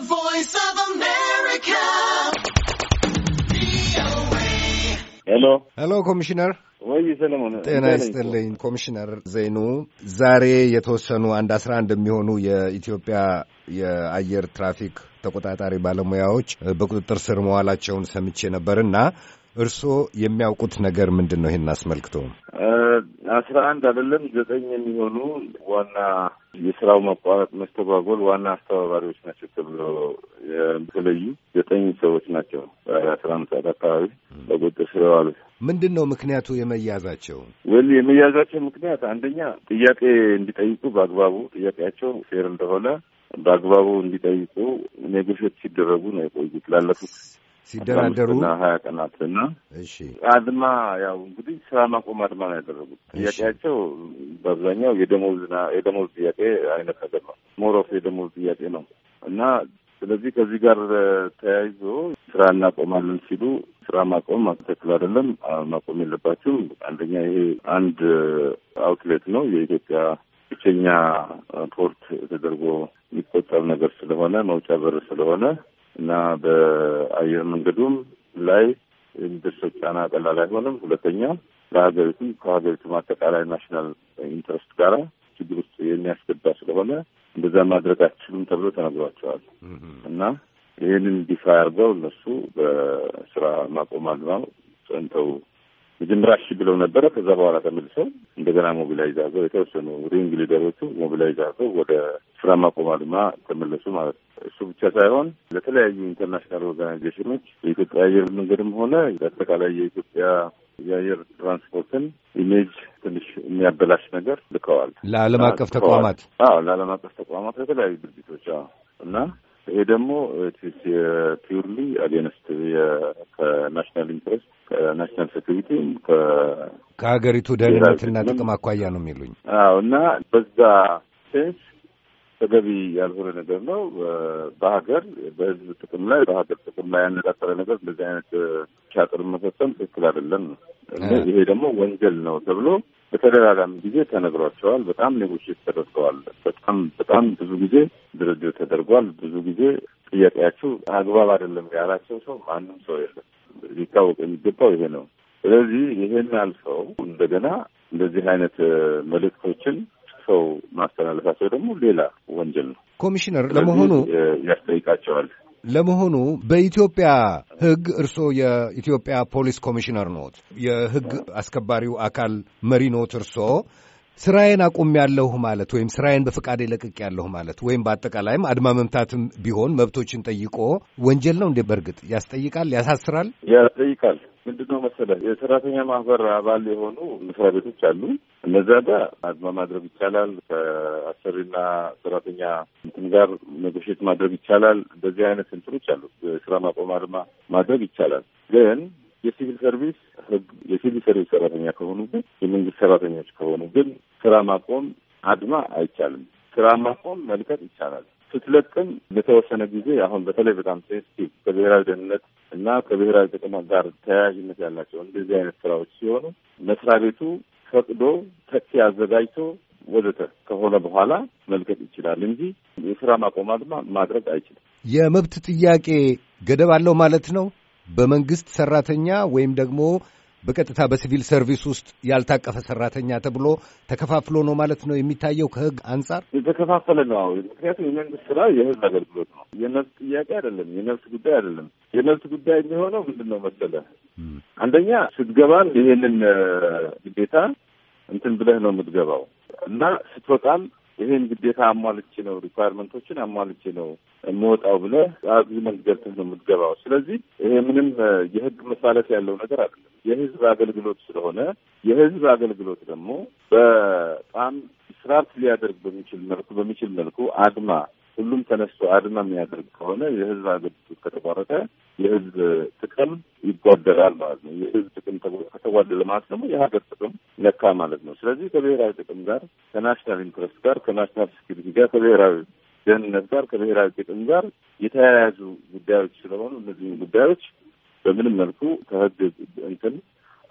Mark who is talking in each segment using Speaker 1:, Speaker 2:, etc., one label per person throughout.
Speaker 1: The Voice of America.
Speaker 2: ሄሎ ሄሎ፣ ኮሚሽነር ወይ ሰለሞን ጤና ይስጥልኝ። ኮሚሽነር ዘይኑ ዛሬ የተወሰኑ አንድ አስራ አንድ የሚሆኑ የኢትዮጵያ የአየር ትራፊክ ተቆጣጣሪ ባለሙያዎች በቁጥጥር ስር መዋላቸውን ሰምቼ ነበር እና እርስዎ የሚያውቁት ነገር ምንድን ነው? ይህን አስመልክቶ
Speaker 1: uh, አስራ አንድ አይደለም ዘጠኝ የሚሆኑ ዋና የስራው መቋረጥ መስተጓጎል ዋና አስተባባሪዎች ናቸው ተብሎ የተለዩ ዘጠኝ ሰዎች ናቸው አስራ አምስት ሰዓት አካባቢ በቁጥጥር ስር የዋሉት።
Speaker 2: ምንድን ነው ምክንያቱ የመያዛቸው?
Speaker 1: ወል የመያዛቸው ምክንያት አንደኛ ጥያቄ እንዲጠይቁ በአግባቡ ጥያቄያቸው ፌር እንደሆነ በአግባቡ እንዲጠይቁ ኔጎሽት ሲደረጉ ነው የቆዩት ላለፉት ሲደራደሩ ሀያ ቀናትና እሺ አድማ ያው እንግዲህ ስራ ማቆም አድማ ነው ያደረጉት። ጥያቄያቸው በአብዛኛው የደሞዝና የደሞዝ ጥያቄ አይነት ነገር ነው። ሞሮፍ የደሞዝ ጥያቄ ነው እና ስለዚህ ከዚህ ጋር ተያይዞ ስራ እናቆማለን ሲሉ ስራ ማቆም ትክክል አይደለም፣ ማቆም የለባቸውም። አንደኛ ይሄ አንድ አውትሌት ነው የኢትዮጵያ ብቸኛ ፖርት ተደርጎ የሚቆጠር ነገር ስለሆነ መውጫ በር ስለሆነ እና በአየር መንገዱም ላይ የሚደርሰው ጫና ቀላል አይሆንም። ሁለተኛ ለሀገሪቱም ከሀገሪቱም አጠቃላይ ናሽናል ኢንትረስት ጋራ ችግር ውስጥ የሚያስገባ ስለሆነ እንደዛ ማድረግ አትችሉም ተብሎ ተነግሯቸዋል እና ይህንን ዲፋ አድርገው እነሱ በስራ ማቆም አድማው ጸንተው መጀመሪያ እሺ ብለው ነበረ። ከዛ በኋላ ተመልሰው እንደገና ሞቢላይዝ አዘው የተወሰኑ ሪንግ ሊደሮቹ ሞቢላይዝ አዘው ወደ ስራ ማቆም አድማ ተመለሱ ማለት ነው። እሱ ብቻ ሳይሆን ለተለያዩ ኢንተርናሽናል ኦርጋናይዜሽኖች የኢትዮጵያ አየር መንገድም ሆነ አጠቃላይ የኢትዮጵያ የአየር ትራንስፖርትን ኢሜጅ ትንሽ የሚያበላሽ ነገር ልከዋል።
Speaker 2: ለዓለም አቀፍ ተቋማት
Speaker 1: አዎ፣ ለዓለም አቀፍ ተቋማት ለተለያዩ ድርጅቶች እና ይሄ ደግሞ ፒውርሊ አጌንስት ከናሽናል ኢንትረስት ከናሽናል ሴኩሪቲ
Speaker 2: ከሀገሪቱ ደህንነትና ጥቅም አኳያ ነው የሚሉኝ።
Speaker 1: አዎ እና በዛ ሴንስ ተገቢ ያልሆነ ነገር ነው። uh, በሀገር በህዝብ ጥቅም ላይ በሀገር ጥቅም ላይ ያነጣጠረ ነገር እንደዚህ አይነት uh, ቻጥር መፈጸም ትክክል አይደለም ነው። ይሄ ደግሞ ወንጀል ነው ተብሎ በተደጋጋሚ ጊዜ ተነግሯቸዋል። በጣም ኔጎሽት ተደርገዋል። በጣም በጣም ብዙ ጊዜ ድርድር ተደርጓል። ብዙ ጊዜ ጥያቄያችሁ አግባብ አይደለም ያላቸው ሰው ማንም ሰው የለም። ሊታወቅ የሚገባው ይሄ ነው። ስለዚህ ይሄን አልፈው እንደገና እንደዚህ አይነት መልእክቶችን ሰው ማስተላለፋቸው ደግሞ ሌላ ወንጀል ነው።
Speaker 2: ኮሚሽነር ለመሆኑ ያስጠይቃቸዋል። ለመሆኑ በኢትዮጵያ ሕግ እርስዎ የኢትዮጵያ ፖሊስ ኮሚሽነር ኖት፣ የሕግ አስከባሪው አካል መሪ ኖት እርስዎ ስራዬን አቁም ያለሁ ማለት ወይም ስራዬን በፈቃድ ያለሁ ማለት ወይም በአጠቃላይም አድማ መምታትም ቢሆን መብቶችን ጠይቆ ወንጀል ነው እንዴ? በእርግጥ ያስጠይቃል፣ ያሳስራል፣
Speaker 1: ያስጠይቃል። ምንድን ነው መሰለህ የሰራተኛ ማህበር አባል የሆኑ መስሪያ ቤቶች አሉ። እነዛ ጋር አድማ ማድረግ ይቻላል። ከአሰሪና ሰራተኛ እንትን ጋር ኔጎሼት ማድረግ ይቻላል። እንደዚህ አይነት እንትኖች አሉ። ስራ ማቆም አድማ ማድረግ ይቻላል። ግን የሲቪል ሰርቪስ ህግ የሲቪል ሰርቪስ ሰራተኛ ከሆኑ ግን የመንግስት ሰራተኞች ከሆኑ ግን ስራ ማቆም አድማ አይቻልም። ስራ ማቆም መልቀቅ ይቻላል። ስትለቅም ለተወሰነ ጊዜ አሁን በተለይ በጣም ሴንስቲቭ ከብሔራዊ ደህንነት እና ከብሔራዊ ጥቅም ጋር ተያያዥነት ያላቸው እንደዚህ አይነት ስራዎች ሲሆኑ መስሪያ ቤቱ ፈቅዶ ተኪ አዘጋጅቶ ወዘተ ከሆነ በኋላ መልከት ይችላል እንጂ የስራ ማቆም አድማ ማድረግ አይችልም።
Speaker 2: የመብት ጥያቄ ገደብ አለው ማለት ነው። በመንግስት ሰራተኛ ወይም ደግሞ በቀጥታ በሲቪል ሰርቪስ ውስጥ ያልታቀፈ ሰራተኛ ተብሎ ተከፋፍሎ ነው ማለት ነው የሚታየው። ከህግ አንጻር የተከፋፈለ ነው።
Speaker 1: ምክንያቱም የመንግስት ስራ የህዝብ አገልግሎት ነው። የነፍስ ጥያቄ አይደለም። የነፍስ ጉዳይ አይደለም። የነፍስ ጉዳይ የሚሆነው ምንድን ነው መሰለ፣ አንደኛ ስትገባም ይሄንን ግዴታ እንትን ብለህ ነው የምትገባው እና ስትወጣም ይህን ግዴታ አሟልቼ ነው ሪኳርመንቶችን አሟልቼ ነው የምወጣው ብለ አግሪመንት ገብተህ ነው የምትገባው። ስለዚህ ይሄ ምንም የህግ መሳለት ያለው ነገር አይደለም። የህዝብ አገልግሎት ስለሆነ የህዝብ አገልግሎት ደግሞ በጣም ስራርት ሊያደርግ በሚችል መልኩ በሚችል መልኩ አድማ ሁሉም ተነስቶ አድማ የሚያደርግ ከሆነ የህዝብ አገልግሎት ከተቋረጠ የህዝብ ጥቅም ይጓደላል ማለት ነው። የህዝብ ጥቅም ከተጓደለ ማለት ደግሞ የሀገር ጥቅም ነካ ማለት ነው። ስለዚህ ከብሔራዊ ጥቅም ጋር፣ ከናሽናል ኢንትረስት ጋር፣ ከናሽናል ሴኪሪቲ ጋር፣ ከብሔራዊ ደህንነት ጋር፣ ከብሔራዊ ጥቅም ጋር የተያያዙ ጉዳዮች ስለሆኑ እነዚህ ጉዳዮች በምንም መልኩ ከህግ እንትን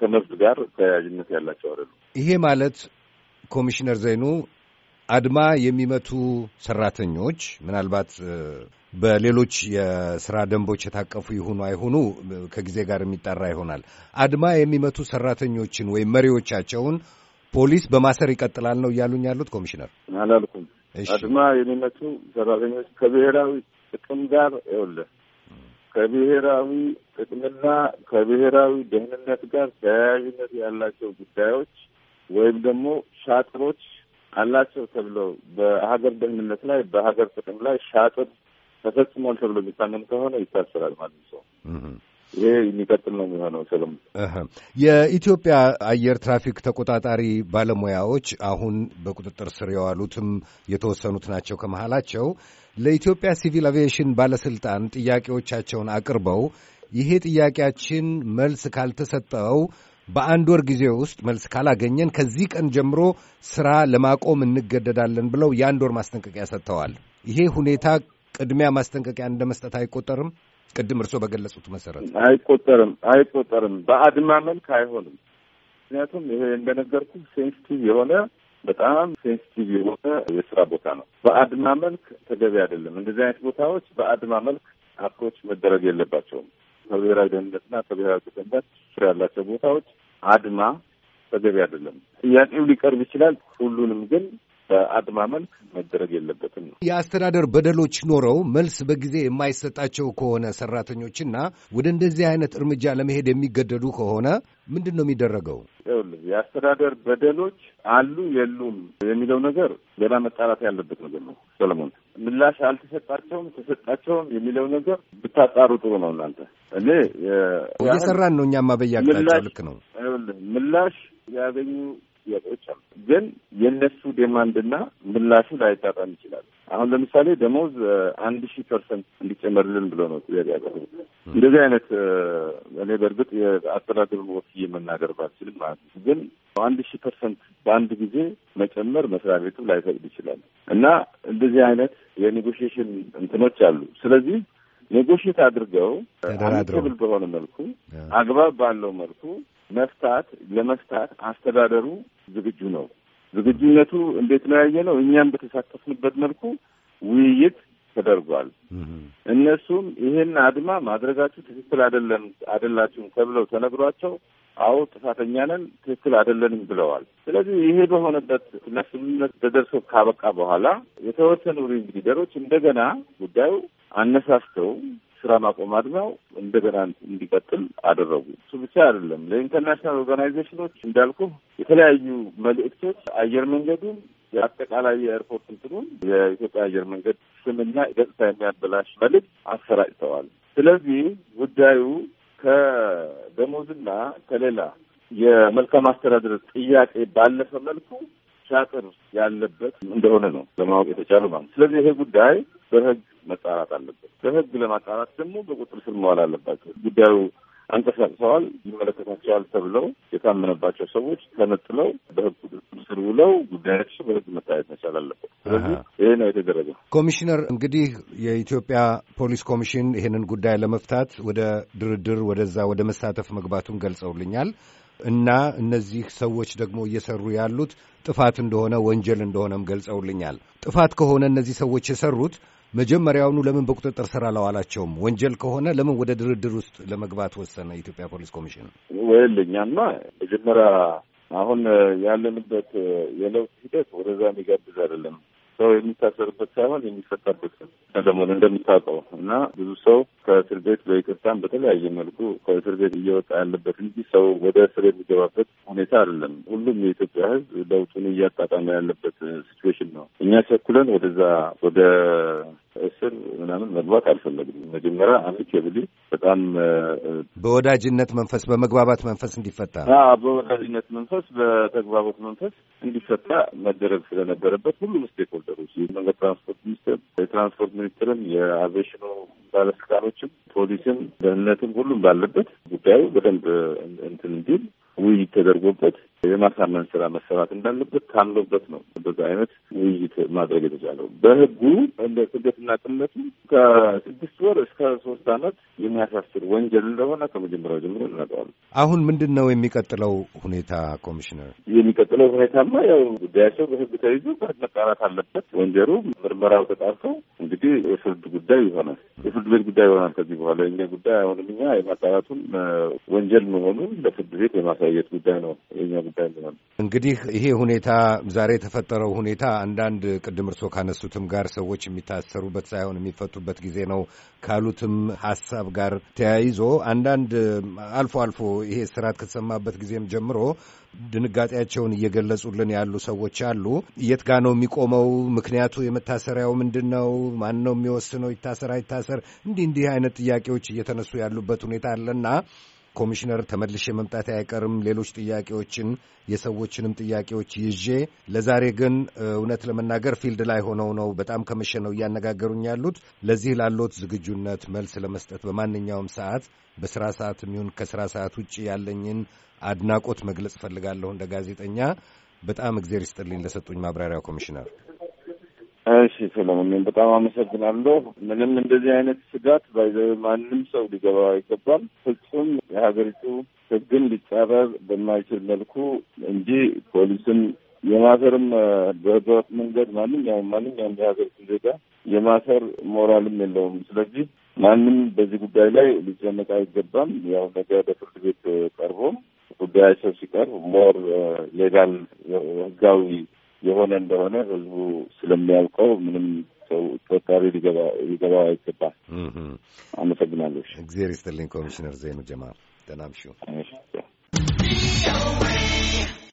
Speaker 1: ከመብት ጋር ተያያዥነት ያላቸው አይደሉም።
Speaker 2: ይሄ ማለት ኮሚሽነር ዘይኑ አድማ የሚመቱ ሰራተኞች ምናልባት በሌሎች የስራ ደንቦች የታቀፉ ይሁኑ አይሁኑ ከጊዜ ጋር የሚጠራ ይሆናል። አድማ የሚመቱ ሰራተኞችን ወይም መሪዎቻቸውን ፖሊስ በማሰር ይቀጥላል ነው እያሉኝ ያሉት ኮሚሽነር? አላልኩም። አድማ
Speaker 1: የሚመቱ ሰራተኞች ከብሔራዊ ጥቅም ጋር ይኸውልህ ከብሔራዊ ጥቅምና ከብሔራዊ ደህንነት ጋር ተያያዥነት ያላቸው ጉዳዮች ወይም ደግሞ ሻጥሮች አላቸው ተብለው በሀገር ደህንነት ላይ በሀገር ጥቅም ላይ ሻጥር ተፈጽሟል ተብሎ የሚታመን ከሆነ ይታሰራል ማለት ሰው ይሄ የሚቀጥል ነው የሚሆነው። ሰለሞን፣
Speaker 2: የኢትዮጵያ አየር ትራፊክ ተቆጣጣሪ ባለሙያዎች አሁን በቁጥጥር ስር የዋሉትም የተወሰኑት ናቸው። ከመሃላቸው ለኢትዮጵያ ሲቪል አቪዬሽን ባለስልጣን ጥያቄዎቻቸውን አቅርበው ይሄ ጥያቄያችን መልስ ካልተሰጠው በአንድ ወር ጊዜ ውስጥ መልስ ካላገኘን ከዚህ ቀን ጀምሮ ስራ ለማቆም እንገደዳለን ብለው የአንድ ወር ማስጠንቀቂያ ሰጥተዋል። ይሄ ሁኔታ ቅድሚያ ማስጠንቀቂያ እንደ መስጠት አይቆጠርም? ቅድም እርስዎ በገለጹት መሰረት አይቆጠርም
Speaker 1: አይቆጠርም። በአድማ መልክ አይሆንም። ምክንያቱም ይሄ እንደነገርኩ ሴንስቲቭ የሆነ በጣም ሴንስቲቭ የሆነ የስራ ቦታ ነው። በአድማ መልክ ተገቢ አይደለም። እንደዚህ አይነት ቦታዎች በአድማ መልክ አፕሮች መደረግ የለባቸውም። ከብሔራዊ ደህንነትና ከብሔራዊ ደህንነት ስር ያላቸው ቦታዎች አድማ ተገቢ አይደለም። ጥያቄው ሊቀርብ ይችላል። ሁሉንም ግን በአድማመን መደረግ የለበትም ነው።
Speaker 2: የአስተዳደር በደሎች ኖረው መልስ በጊዜ የማይሰጣቸው ከሆነ ሰራተኞችና ወደ እንደዚህ አይነት እርምጃ ለመሄድ የሚገደዱ ከሆነ ምንድን ነው የሚደረገው?
Speaker 1: የአስተዳደር በደሎች አሉ የሉም የሚለው ነገር ሌላ መጣራት ያለበት ነገር ነው። ሰለሞን ምላሽ አልተሰጣቸውም ተሰጣቸውም የሚለው ነገር ብታጣሩ ጥሩ ነው። እናንተ እኔ
Speaker 2: እየሰራን ነው። እኛማ በያቅጣጫው
Speaker 1: ልክ ነው ምላሽ ያገኙ ጥያቄዎች አሉ ግን የእነሱ ዴማንድና ምላሹ ላይጣጣም ይችላል። አሁን ለምሳሌ ደሞዝ አንድ ሺህ ፐርሰንት እንዲጨመርልን ብሎ ነው ጥያቄ እንደዚህ አይነት እኔ በእርግጥ የአስተዳደሩን ወክዬ መናገር ባልችልም ማለት ነው ግን አንድ ሺህ ፐርሰንት በአንድ ጊዜ መጨመር መስሪያ ቤቱ ላይፈቅድ ይችላል እና እንደዚህ አይነት የኔጎሽሽን እንትኖች አሉ። ስለዚህ ኔጎሽት አድርገው አንብል በሆነ መልኩ አግባብ ባለው መልኩ መፍታት ለመፍታት አስተዳደሩ ዝግጁ ነው። ዝግጁነቱ እንዴት ነው ነው። እኛም በተሳተፍንበት መልኩ ውይይት ተደርጓል። እነሱም ይህን አድማ ማድረጋችሁ ትክክል አይደለም አይደላችሁም ተብለው ተነግሯቸው አዎ ጥፋተኛ ነን፣ ትክክል አይደለንም ብለዋል። ስለዚህ ይሄ በሆነበት እና ስምምነት ተደርሶ ካበቃ በኋላ የተወሰኑ ሪንግ ሊደሮች እንደገና ጉዳዩ አነሳስተው ስራ ማቆም አድማው እንደገና እንዲቀጥል አደረጉ። እሱ ብቻ አይደለም፣ ለኢንተርናሽናል ኦርጋናይዜሽኖች እንዳልኩ የተለያዩ መልእክቶች አየር መንገዱን የአጠቃላይ የኤርፖርት እንትኑን የኢትዮጵያ አየር መንገድ ስምና ገጽታ የሚያበላሽ መልእክት አሰራጭተዋል። ስለዚህ ጉዳዩ ከደሞዝና ከሌላ የመልካም አስተዳደር ጥያቄ ባለፈ መልኩ ሻጥር ያለበት እንደሆነ ነው ለማወቅ የተቻለ ማለት። ስለዚህ ይሄ ጉዳይ በህግ መጣራት አለበት። በህግ ለማጣራት ደግሞ በቁጥር ስር መዋል አለባቸው። ጉዳዩ አንቀሳቅሰዋል፣ ይመለከታቸዋል ተብለው የታመነባቸው ሰዎች ተነጥለው በህግ ቁጥጥር ስር ውለው ጉዳያቸው በህግ መታየት መቻል አለበት። ስለዚህ ይህ ነው የተደረገው።
Speaker 2: ኮሚሽነር፣ እንግዲህ የኢትዮጵያ ፖሊስ ኮሚሽን ይህንን ጉዳይ ለመፍታት ወደ ድርድር ወደዛ ወደ መሳተፍ መግባቱን ገልጸውልኛል። እና እነዚህ ሰዎች ደግሞ እየሰሩ ያሉት ጥፋት እንደሆነ ወንጀል እንደሆነም ገልጸውልኛል። ጥፋት ከሆነ እነዚህ ሰዎች የሰሩት መጀመሪያውኑ ለምን በቁጥጥር ስር አላዋላቸውም? ወንጀል ከሆነ ለምን ወደ ድርድር ውስጥ ለመግባት ወሰነ የኢትዮጵያ ፖሊስ ኮሚሽን? ወይል
Speaker 1: እኛማ መጀመሪያ አሁን ያለንበት የለውጥ ሂደት ወደዛ የሚጋብዝ አይደለም። ሰው የሚታሰርበት ሳይሆን የሚፈታበት ደግሞ እንደምታውቀው እና ብዙ ሰው ከእስር ቤት በይቅርታም በተለያየ መልኩ ከእስር ቤት እየወጣ ያለበት እንጂ ሰው ወደ እስር የሚገባበት ሁኔታ አይደለም። ሁሉም የኢትዮጵያ ሕዝብ ለውጡን እያጣጣመ ያለበት ሲትዌሽን ነው። እኛ ቸኩለን ወደዛ ወደ እስር ምናምን መግባት
Speaker 2: አልፈለግም። መጀመሪያ አሚኬብሊ በጣም በወዳጅነት መንፈስ፣ በመግባባት መንፈስ እንዲፈታ
Speaker 1: በወዳጅነት መንፈስ፣ በተግባቦት መንፈስ
Speaker 2: እንዲፈታ መደረግ
Speaker 1: ስለነበረበት ሁሉም ስቴክ ሆልደሮች የትራንስፖርት ሚኒስትርም የአቬሽኑ ባለስልጣኖችም፣ ፖሊስም፣ ደህንነትም ሁሉም ባለበት ጉዳዩ በደንብ እንትን እንዲል ውይይት ተደርጎበት የማሳመን ስራ መሰራት እንዳለበት ታምኖበት ነው በዛ አይነት ውይይት ማድረግ የተቻለው። በህጉ እንደ ስደትና ቅነቱ ከስድስት ወር እስከ ሶስት ዓመት የሚያሳስር ወንጀል እንደሆነ ከመጀመሪያው ጀምሮ እናውቀዋለን።
Speaker 2: አሁን ምንድን ነው የሚቀጥለው ሁኔታ ኮሚሽነር? የሚቀጥለው
Speaker 1: ሁኔታማ ያው ጉዳያቸው በህግ ተይዞ በህግ መጣራት አለበት። ወንጀሉ ምርመራው ተጣርቶ እንግዲህ የፍርድ ጉዳይ ይሆናል። የፍርድ ቤት ጉዳይ ይሆናል። ከዚህ በኋላ የኛ ጉዳይ አሁንም እኛ የማጣራቱን ወንጀል መሆኑን ለፍርድ ቤት የማሳየት ጉዳይ ነው የኛ ጉዳይ ሆነ።
Speaker 2: እንግዲህ ይሄ ሁኔታ ዛሬ የተፈጠረው ሁኔታ አንዳንድ ቅድም እርሶ ካነሱትም ጋር ሰዎች የሚታሰሩበት ሳይሆን የሚፈቱበት ጊዜ ነው ካሉትም ሀሳብ ጋር ተያይዞ አንዳንድ አልፎ አልፎ ይሄ ስርዓት ከተሰማበት ጊዜም ጀምሮ ድንጋጤያቸውን እየገለጹልን ያሉ ሰዎች አሉ። የት ጋ ነው የሚቆመው? ምክንያቱ የመታሰሪያው ምንድን ነው? ማን ነው የሚወስነው? ይታሰር አይታሰር? እንዲህ እንዲህ አይነት ጥያቄዎች እየተነሱ ያሉበት ሁኔታ አለና ኮሚሽነር ተመልሼ መምጣት አይቀርም። ሌሎች ጥያቄዎችን የሰዎችንም ጥያቄዎች ይዤ ለዛሬ ግን እውነት ለመናገር ፊልድ ላይ ሆነው ነው በጣም ከመሸ ነው እያነጋገሩኝ ያሉት። ለዚህ ላሎት ዝግጁነት መልስ ለመስጠት በማንኛውም ሰዓት በስራ ሰዓት የሚሆን ከስራ ሰዓት ውጭ ያለኝን አድናቆት መግለጽ እፈልጋለሁ እንደ ጋዜጠኛ። በጣም እግዜር ይስጥልኝ ለሰጡኝ ማብራሪያ ኮሚሽነር።
Speaker 1: እሺ ሰለሞን በጣም አመሰግናለሁ። ምንም እንደዚህ አይነት ስጋት ባይዘ ማንም ሰው ሊገባው አይገባም። ፍጹም የሀገሪቱ ሕግን ሊጻረር በማይችል መልኩ እንጂ ፖሊስን የማሰርም በህገወጥ መንገድ ማንኛውም ማንኛውም የሀገሪቱ ዜጋ የማሰር ሞራልም የለውም። ስለዚህ ማንም በዚህ ጉዳይ ላይ ሊጨነቅ አይገባም። ያው ነገ በፍርድ ቤት ቀርቦ ጉዳያቸው ሲቀርብ ሞር ሌጋል ህጋዊ የሆነ እንደሆነ ህዝቡ ስለሚያውቀው ምንም ሰው ተወታሪ ሊገባ አይገባል።
Speaker 2: አመሰግናለሁ። እግዜር ይስጥልኝ ኮሚሽነር ዘይኑ ጀማል ደህና